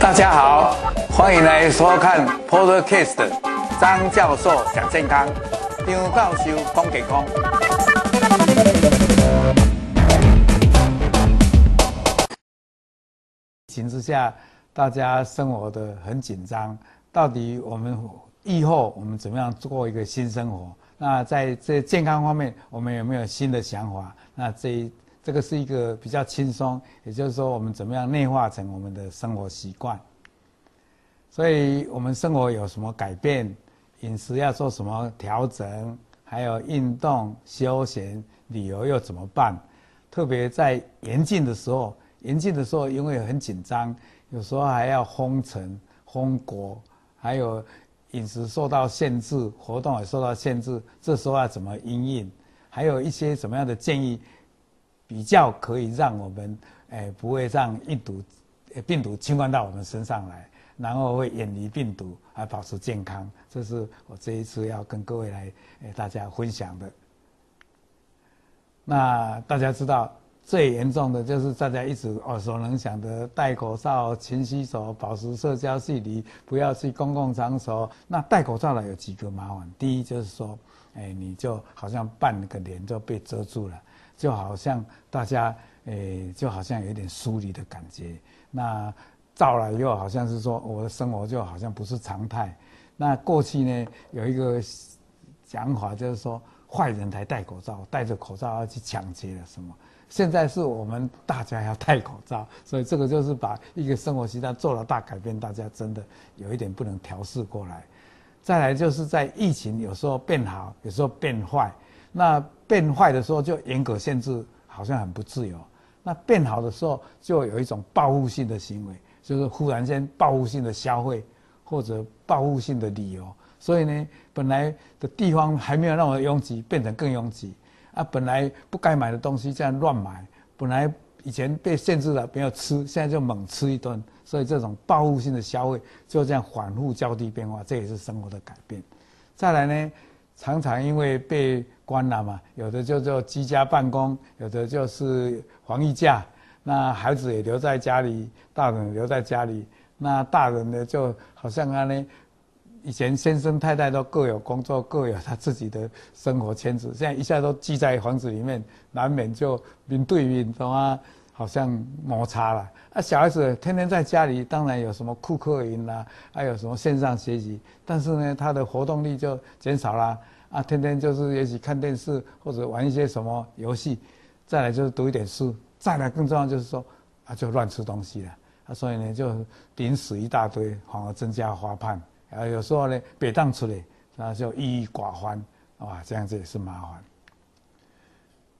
大家好，歡迎來收看 Podcast 張教授講健康。張教授講健康。疫情之下，大家生活得很緊張，到底我們疫後我們怎麼樣做一個新生活？那在這健康方面，我們有沒有新的想法？那這？這個是一個比較輕鬆，也就是說，我們怎麼樣內化成我們的生活習慣？所以我們生活有什麼改變？飲食要做什麼調整？還有運動、休閒、旅遊又怎麼辦？特別在嚴峻的時候，嚴峻的時候因為很緊張，有時候還要封城、封國，還有飲食受到限制，活動也受到限制，這時候要怎麼因應？還有一些什麼樣的建議？比較可以讓我們，哎、欸，不會讓病毒、病毒侵犯到我們身上來，然後會遠離病毒，還保持健康。這是我這一次要跟各位來，哎、欸，大家分享的。那大家知道最嚴重的就是大家一直耳熟能詳的戴口罩、勤洗手、保持社交距離、不要去公共場所。那戴口罩了有幾個麻煩？第一就是說，哎、欸，你就好像半個臉就被遮住了。就好像大家誒、欸，就好像有一點疏離的感覺。那照了以後，好像是說我的生活就好像不是常態。那過去呢，有一個想法就是說，壞人才戴口罩，戴着口罩要去搶劫了什麼？現在是我們大家要戴口罩，所以這個就是把一個生活習慣做了大改變，大家真的有一點不能調適過來。再來就是在疫情有時候變好，有時候變壞。那變壞的時候就嚴格限制，好像很不自由；那變好的時候就有一種報復性的行為，就是忽然間報復性的消費或者報復性的理由。所以呢，本來的地方還沒有那麼擁擠，變成更擁擠啊！本來不該買的東西這樣亂買，本來以前被限制了沒有吃，現在就猛吃一頓。所以這種報復性的消費就這樣反覆交替變化，這也是生活的改變。再來呢，常常因為被關了嘛，有的就叫居家辦公，有的就是防疫假。那孩子也留在家裡，大人留在家裡。那大人呢，就好像呢，以前先生太太都各有工作，各有他自己的生活圈子。現在一下都擠在房子裡面，難免就面對面，懂啊，好像摩擦了。啊，小孩子天天在家裡，當然有什麼酷課雲啦、啊，還有什麼線上學習，但是呢，他的活動力就減少了。啊，天天就是也許看電視或者玩一些什麼遊戲，再來就是讀一點書，再來更重要就是說，啊就亂吃東西了，啊所以呢就頂死一大堆，反而增加發胖，啊有時候呢憋脹出來，那就鬱鬱寡歡，啊這樣子也是麻煩。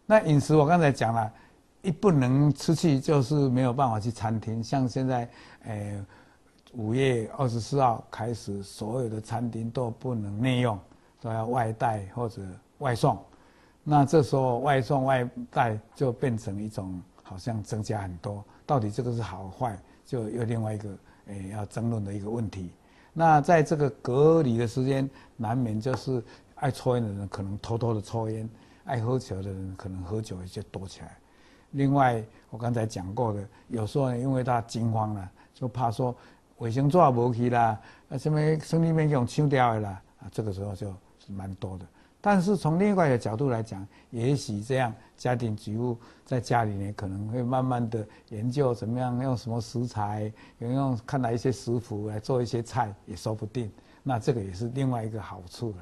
那飲食我剛才講了，一不能出去就是沒有辦法去餐廳，像現在，呃五月二十四號開始，所有的餐廳都不能內用。都要外帶或者外送，那這時候外送外帶就變成一種好像增加很多，到底這個是好壞，就有另外一個誒、欸、要爭論的一個問題。那在這個隔離的時間，難免就是愛抽煙的人可能偷偷的抽煙，愛喝酒的人可能喝酒也就多起來。另外，我剛才講過的，有時候因為他驚慌了，就怕說衛生紙也無去啦，啊什麼生理棉像清掉的啦，啊這個時候就。蠻多的，但是從另外一個角度來講，也許這樣家庭主婦在家裡呢，可能會慢慢的研究怎麼樣用什麼食材，用用看來一些食譜來做一些菜也說不定。那這個也是另外一個好處了。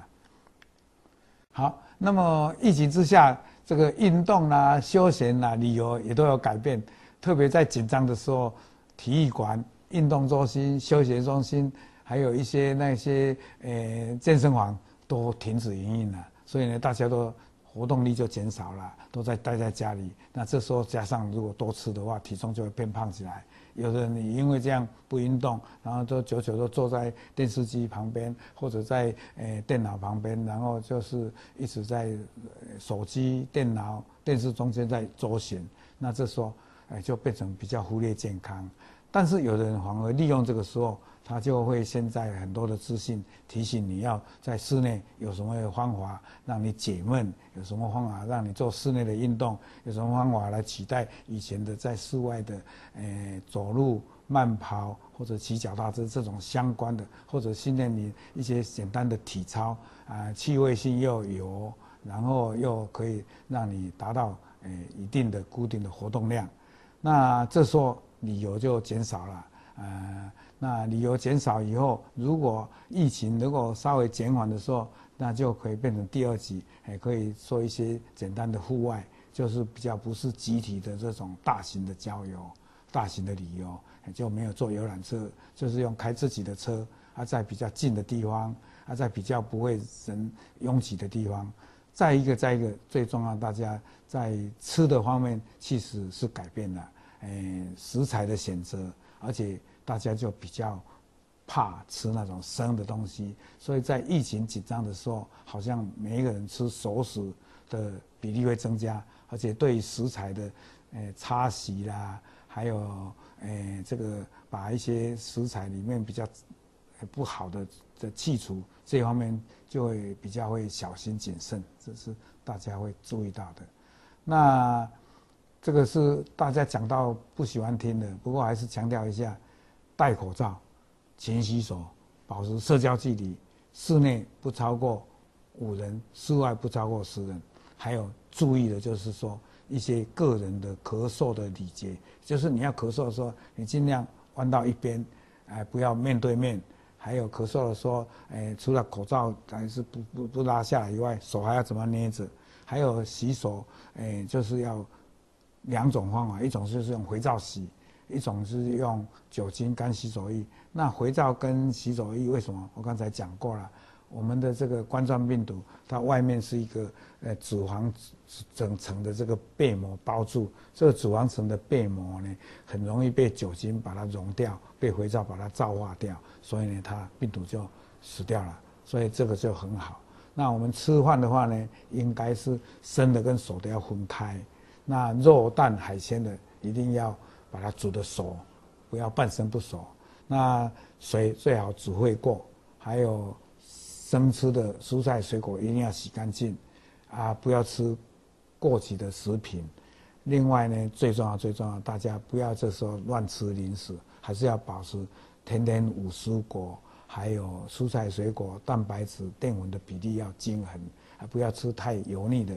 好，那麼疫情之下，這個運動啊、休閒啊、旅遊也都有改變，特別在緊張的時候，體育館、運動中心、休閒中心，還有一些那些呃健身房。都停止營運了，所以呢，大家都活動力就減少了，都在待在家裡。那這時候加上如果多吃的話，體重就會變胖起來。有的人你因為這樣不運動，然後就久久都坐在電視機旁邊或者在誒、欸、電腦旁邊，然後就是一直在手機、電腦、電視中間在周旋。那這時候誒、欸、就變成比較忽略健康。但是有的人反而利用這個時候。他就會現在很多的資訊，提醒你要在室內有什麼方法讓你解悶，有什麼方法讓你做室內的運動，有什麼方法來取代以前的在室外的誒、呃、走路、慢跑或者騎腳踏車這種相關的，或者訓練你一些簡單的體操啊，趣、呃、味性又有，然後又可以讓你達到誒、呃、一定的固定的活動量，那這時候理由就減少了啊。呃那旅遊減少以後，如果疫情如果稍微減緩的時候，那就可以變成第二級，哎、欸，可以做一些簡單的戶外，就是比較不是集體的這種大型的郊遊、大型的旅遊、欸，就沒有坐遊覽車，就是用開自己的車，而、啊、在比較近的地方，而、啊、在比較不會人擁擠的地方。再一個，再一個，最重要，大家在吃的方面其實是改變了，哎、欸，食材的選擇，而且。大家就比較怕吃那種生的東西，所以在疫情緊張的時候，好像每一個人吃熟食的比例會增加，而且對食材的，誒，擦洗啦，還有誒，這個把一些食材裡面比較不好的的去除，這方面就會比較會小心謹慎，這是大家會注意到的。那這個是大家講到不喜歡聽的，不過還是強調一下。戴口罩，勤洗手，保持社交距離，室內不超過五人，室外不超過十人。還有注意的就是說一些個人的咳嗽的禮節，就是你要咳嗽的時候，你盡量彎到一邊，哎，不要面對面。還有咳嗽的時候，哎，除了口罩還是不不不拉下來以外，手還要怎麼捏着？還有洗手，哎，就是要兩種方法，一種就是用肥皂洗。一種是用酒精乾洗手液，那肥皂跟洗手液為什麼？我剛才講過了，我們的這個冠狀病毒，它外面是一個呃脂肪整層的這個被膜包住，這個脂肪層的被膜呢，很容易被酒精把它溶掉，被肥皂把它皂化掉，所以呢，它病毒就死掉了，所以這個就很好。那我們吃飯的話呢，應該是生的跟熟的要分開，那肉、蛋、海鮮的一定要。把它煮得熟，不要半生不熟。那水最好煮沸過。還有生吃的蔬菜水果一定要洗乾淨，啊，不要吃過期的食品。另外呢，最重要最重要，大家不要這時候亂吃零食，還是要保持天天五蔬果，還有蔬菜水果、蛋白質、澱粉的比例要均衡，還不要吃太油膩的。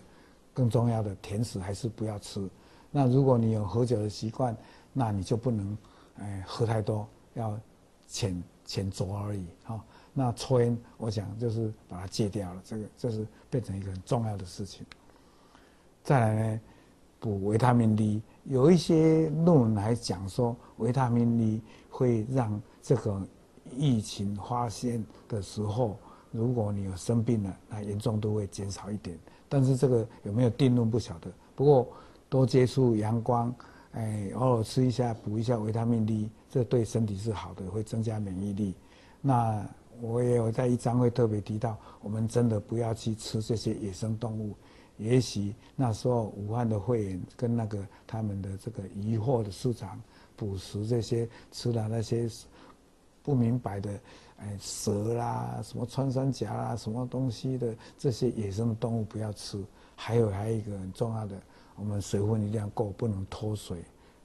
更重要的，甜食還是不要吃。那如果你有喝酒的習慣，那你就不能，哎、欸，喝太多，要淺淺酌而已哈。那抽煙，我想就是把它戒掉了，這個就是變成一個很重要的事情。再來呢，補維他命 D，有一些論文來講說維他命 D 會讓這個疫情發現的時候，如果你有生病了，那嚴重度會減少一點。但是這個有沒有定論不曉得。不過多接觸陽光。哎，偶爾吃一下補一下維他命 D，這對身體是好的，會增加免疫力。那我也有在一章會特別提到，我們真的不要去吃這些野生動物。也許那時候武漢的會員跟那個他們的這個漁獲的市場捕食這些吃了那些不明白的，哎，蛇啦，什麼穿山甲啦，什麼東西的這些野生動物不要吃。還有還有一個很重要的。我們水分一定要夠，不能脫水。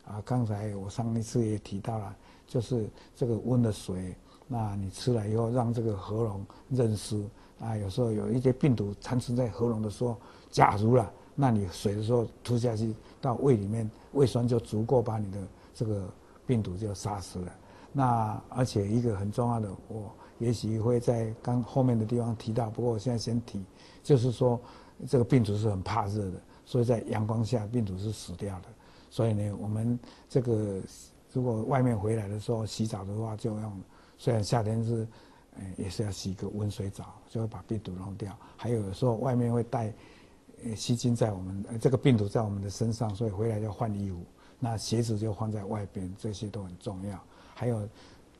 啊，剛才我上一次也提到了，就是這個溫的水，那你吃了以後讓這個喉嚨潤濕。啊，有時候有一些病毒殘存在喉嚨的時候，假如了，那你水的時候吐下去到胃裡面，胃酸就足夠把你的這個病毒就殺死了。那而且一個很重要的，我也許會在剛後面的地方提到，不過我現在先提，就是說這個病毒是很怕熱的。所以在陽光下，病毒是死掉的，所以呢，我們這個如果外面回來的時候洗澡的話，就用，雖然夏天是，呃，也是要洗個溫水澡，就會把病毒弄掉。還有，有時候外面會帶呃細菌在我們這個病毒在我們的身上，所以回來要換衣服，那鞋子就放在外邊，這些都很重要。還有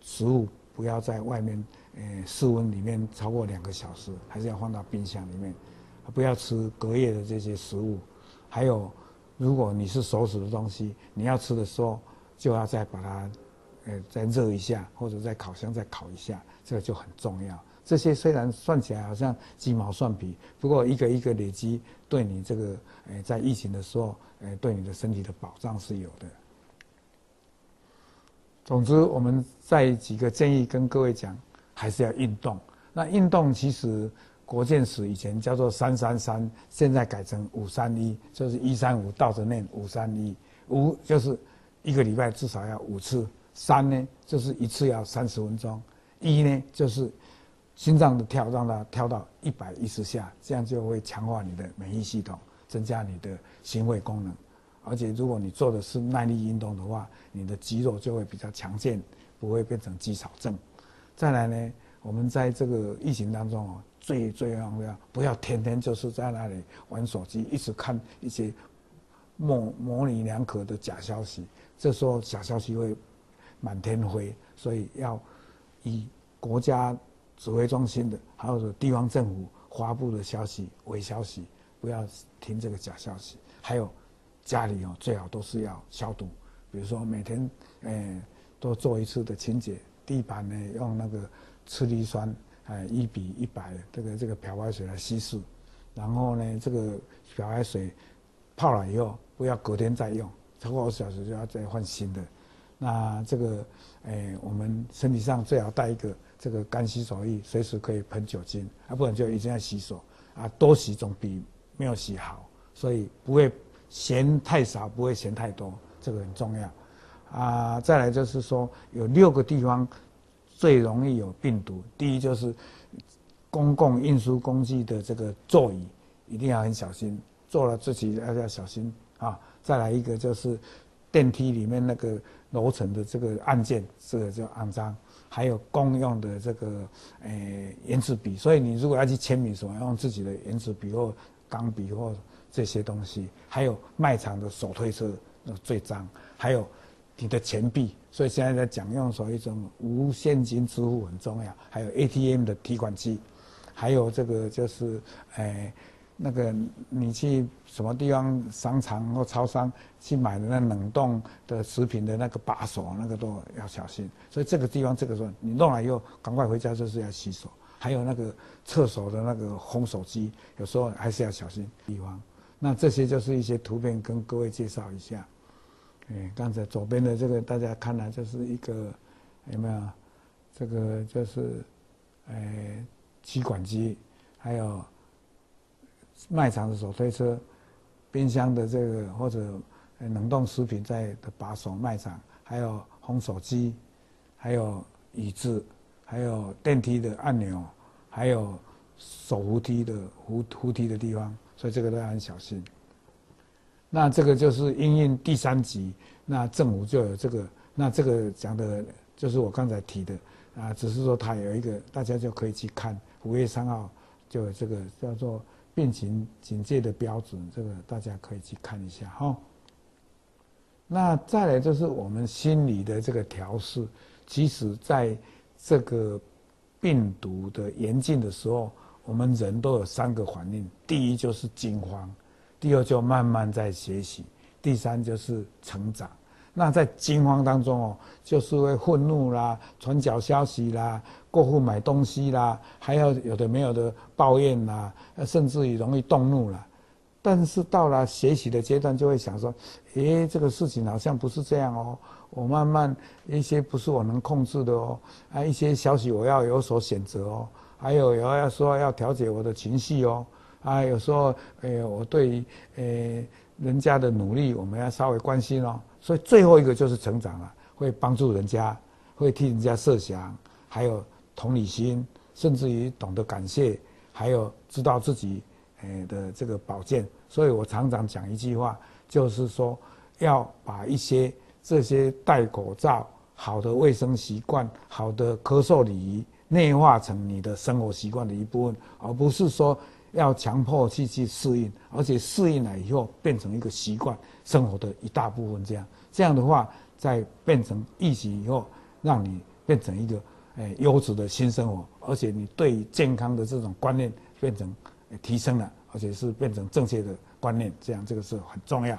食物不要在外面呃室溫裡面超過兩個小時，還是要放到冰箱裡面，不要吃隔夜的這些食物。還有，如果你是熟食的東西，你要吃的時候，就要再把它，呃，再熱一下，或者在烤箱再烤一下，這個就很重要。這些雖然算起來好像雞毛蒜皮，不過一個一個累積，對你這個，呃，在疫情的時候，呃，對你的身體的保障是有的。總之，我們再幾個建議跟各位講，還是要運動。那運動其實。國健署以前叫做三三三，現在改成五三一，就是一三五倒着念五三一。五就是一個禮拜至少要五次，三呢就是一次要三十分鐘，一呢就是心臟的跳讓它跳到一百一十下，這樣就會強化你的免疫系統，增加你的心肺功能。而且如果你做的是耐力運動的話，你的肌肉就會比較強健，不會變成肌少症。再來呢，我們在這個疫情當中，喔最最重要，不要天天就是在那裡玩手機，一直看一些模模稜兩可的假消息。這時候假消息會滿天飛，所以要以國家指揮中心的，還有地方政府發布的消息為消息，不要聽這個假消息。還有家裡哦，最好都是要消毒，比如說每天誒、欸、多做一次的清潔，地板呢用那個次氯酸。哎，一比一百，100，這個這個漂白水來稀釋，然後呢，這個漂白水泡了以後，不要隔天再用，超過二十小時就要再換新的。那這個哎，我們身體上最好帶一個這個乾洗手液，隨時可以噴酒精，啊，不然就一直要洗手，啊，多洗總比沒有洗好。所以不會嫌太少，不會嫌太多，這個很重要。啊，再來就是說有六個地方。最容易有病毒，第一就是公共運輸工具的這個座椅，一定要很小心。坐了自己要要小心啊！再來一個就是電梯裡面那個樓層的這個按鍵，這個就骯髒。還有公用的這個誒、欸、原子筆，所以你如果要去簽名什麼，用自己的原子筆或鋼筆或，或這些東西。還有賣場的手推車，那個、最髒。還有你的錢幣。所以現在在講用所以一種無現金支付很重要，還有 ATM 的提款機，還有這個就是哎、欸，那個你去什麼地方商場或超商去買的那冷凍的食品的那個把手，那個都要小心。所以這個地方這個時候你弄了以後，趕快回家就是要洗手。還有那個廁所的那個烘手機，有時候還是要小心預防。那這些就是一些圖片跟各位介紹一下。嗯，剛才左邊的這個大家看來就是一個有沒有，這個就是，哎，取款機，還有賣場的手推車，冰箱的這個或者冷凍食品在的把手，賣場，還有烘手機，還有椅子，還有電梯的按鈕，還有手扶梯的扶扶梯的地方，所以這個都要很小心。那這個就是因應第三級，那政府就有這個。那這個講的就是我剛才提的啊，只是說它有一個，大家就可以去看五月三號就有這個叫做病情警戒的標準，這個大家可以去看一下哈。那再來就是我們心理的這個調試，其實在這個病毒的嚴峻的時候，我們人都有三個反應，第一就是驚慌。第二就慢慢在學習，第三就是成長。那在驚慌當中哦，就是會憤怒啦、傳小消息啦、過戶買東西啦，還要有的沒有的抱怨啦，甚至於容易動怒啦。但是到了學習的階段，就會想說，誒，這個事情好像不是這樣哦。我慢慢一些不是我能控制的哦，啊，一些消息我要有所選擇哦，還有要要說要調節我的情緒哦。啊，有時候，哎，我對於，呃，人家的努力，我們要稍微關心哦。所以最後一個就是成長了，會幫助人家，會替人家設想，還有同理心，甚至於懂得感謝，還有知道自己，哎的這個保健。所以我常常講一句話，就是說要把一些這些戴口罩、好的衛生習慣、好的咳嗽禮儀內化成你的生活習慣的一部分，而不是說。要強迫去去適應，而且適應了以後變成一個習慣，生活的一大部分這樣。這樣的話，在變成疫情以後，讓你變成一個誒優質的新生活，而且你對健康的這種觀念變成、欸、提升了，而且是變成正確的觀念。這樣這個是很重要。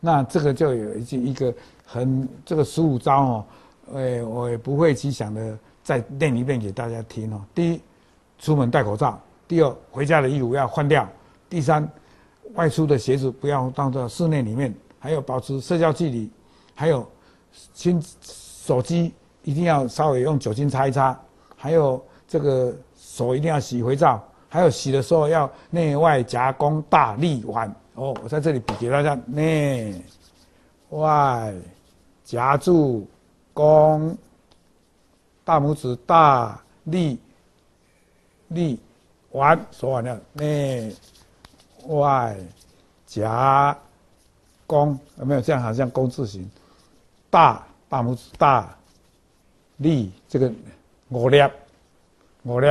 那這個就有一個一個很這個十五招哦、喔，誒、欸，我也不會去想的，再念一遍給大家聽哦、喔。第一，出門戴口罩。第二，回家的衣服要換掉；第三，外出的鞋子不要放在室內裡面；還有，保持社交距離；還有，新手機一定要稍微用酒精擦一擦；還有，這個手一定要洗肥皂；還有，洗的時候要內外夾弓大立腕哦。我在這裡比給大家內，外，夾住弓，大拇指大力，力。玩，手腕了，內、外、夾、弓，有沒有？這樣好像弓字形。大，大拇指大，力，這個我粒，我粒，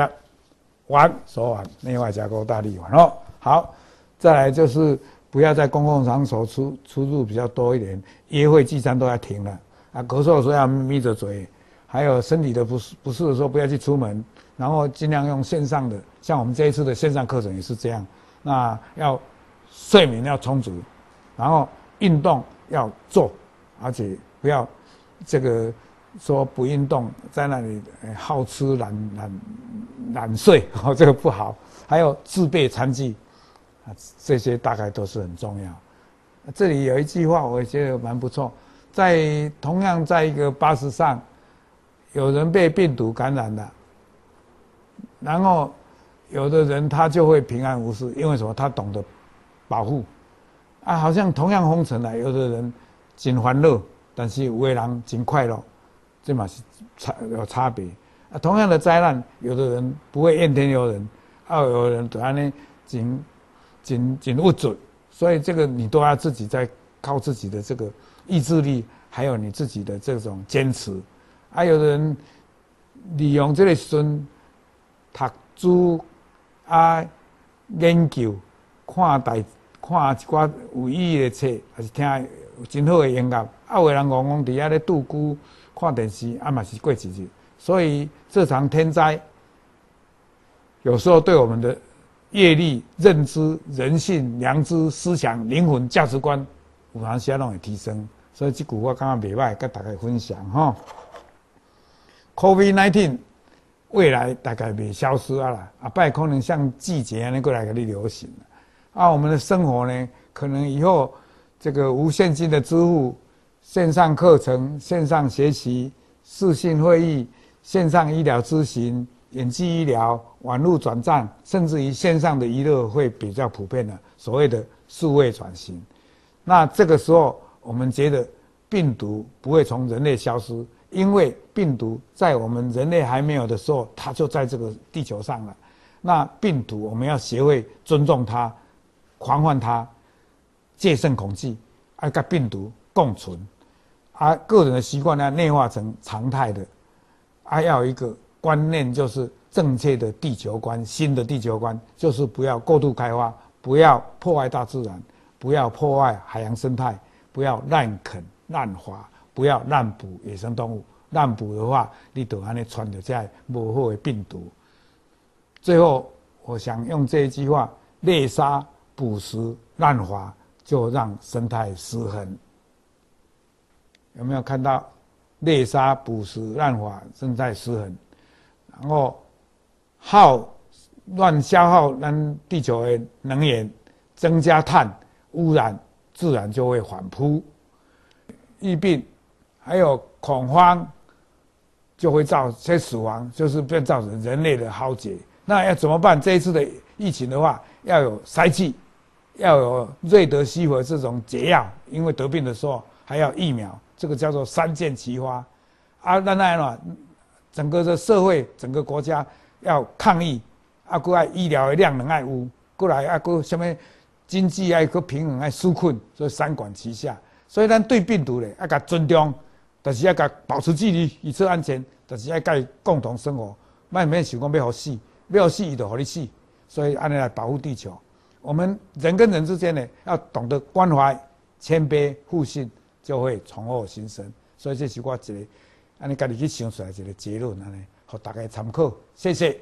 玩，手腕內外夾弓大力玩哦，好，再來就是不要在公共場所出出入比較多一點，約會聚餐都要停了。啊，咳嗽的時候要眯着嘴，還有身體的不適不適的時候不要去出門。然後儘量用線上的，像我們這一次的線上課程也是這樣。那要睡眠要充足，然後運動要做，而且不要這個說不運動，在那裡好吃懶懶懶睡，哦，這個不好。還有自備餐具啊，這些大概都是很重要。這裡有一句話，我覺得蠻不錯，在同樣在一個巴士上，有人被病毒感染了。然後，有的人他就會平安無事，因為什麼？他懂得保護啊。好像同樣封城啊，有的人很煩惱，但是有些人僅快樂，這嘛是差有差別啊。同樣的災難，有的人不會怨天尤人，啊，有的人當他呢，僅僅僅勿嘴。所以這個你都要自己在靠自己的這個意志力，還有你自己的這種堅持啊。有的人，利用這類孫。讀書啊，研究，看大看一寡有意義的冊，也是聽真好個音樂。啊，有的人戇戇佇遐咧度孤，看電視，啊嘛是過一日。所以這場天災，有時候對我們的閱歷、認知、人性、良知、思想、靈魂、價值觀，有能需要讓你提升。所以這句話感覺袂歹，跟大家分享哈。COVID nineteen。COVID 未來大概未消失啊啦，啊，拜託可能像季節安尼過來給你流行了、啊。啊，我們的生活呢，可能以後這個無現金的支付、線上課程、線上學習、視訊會議、線上醫療諮詢、遠距醫療、網絡轉賬，甚至於線上的娛樂會比較普遍的，所謂的數位轉型。那這個時候，我們覺得病毒不會從人類消失。因為病毒在我們人類還沒有的時候，它就在這個地球上了。那病毒我們要學會尊重它、防範它、戒慎恐懼，而跟病毒共存。而、啊、個人的習慣呢，內化成常態的。還、啊、要有一個觀念，就是正確的地球觀、新的地球觀，就是不要過度開發，不要破壞大自然，不要破壞海洋生態，不要濫墾濫伐。不要濫捕野生動物，濫捕的話，你就可能傳到這無好的病毒。最後，我想用這一句話：獵殺、捕食、濫伐，就讓生態失衡。有沒有看到獵殺、捕食、濫伐，生態失衡？然後耗亂消耗咱地球的能源，增加碳污染，自然就會反撲疫病。還有恐慌，就會造這些死亡，就是變造成人類的浩劫。那要怎麼辦？這一次的疫情的話，要有篩檢，要有瑞德西韋這種解藥，因為得病的時候還要疫苗，這個叫做三箭齊發。啊，那那樣嘛，整個的社會，整個國家要抗疫啊，個愛醫療量能愛烏，過來啊過什麼經濟愛個平衡愛紓困，所以三管齊下。所以咱對病毒嘞，啊個尊重。但是要保持距離，以次安全；但、就是要個伊共同生活，咪免想講要互死，要互死伊就互你死，所以安尼來保護地球。我們人跟人之間呢，要懂得關懷、謙卑、互信，就會重獲新生。所以這是我一個這自己安尼家己去想出來一個結論，安尼，互大家參考。謝謝。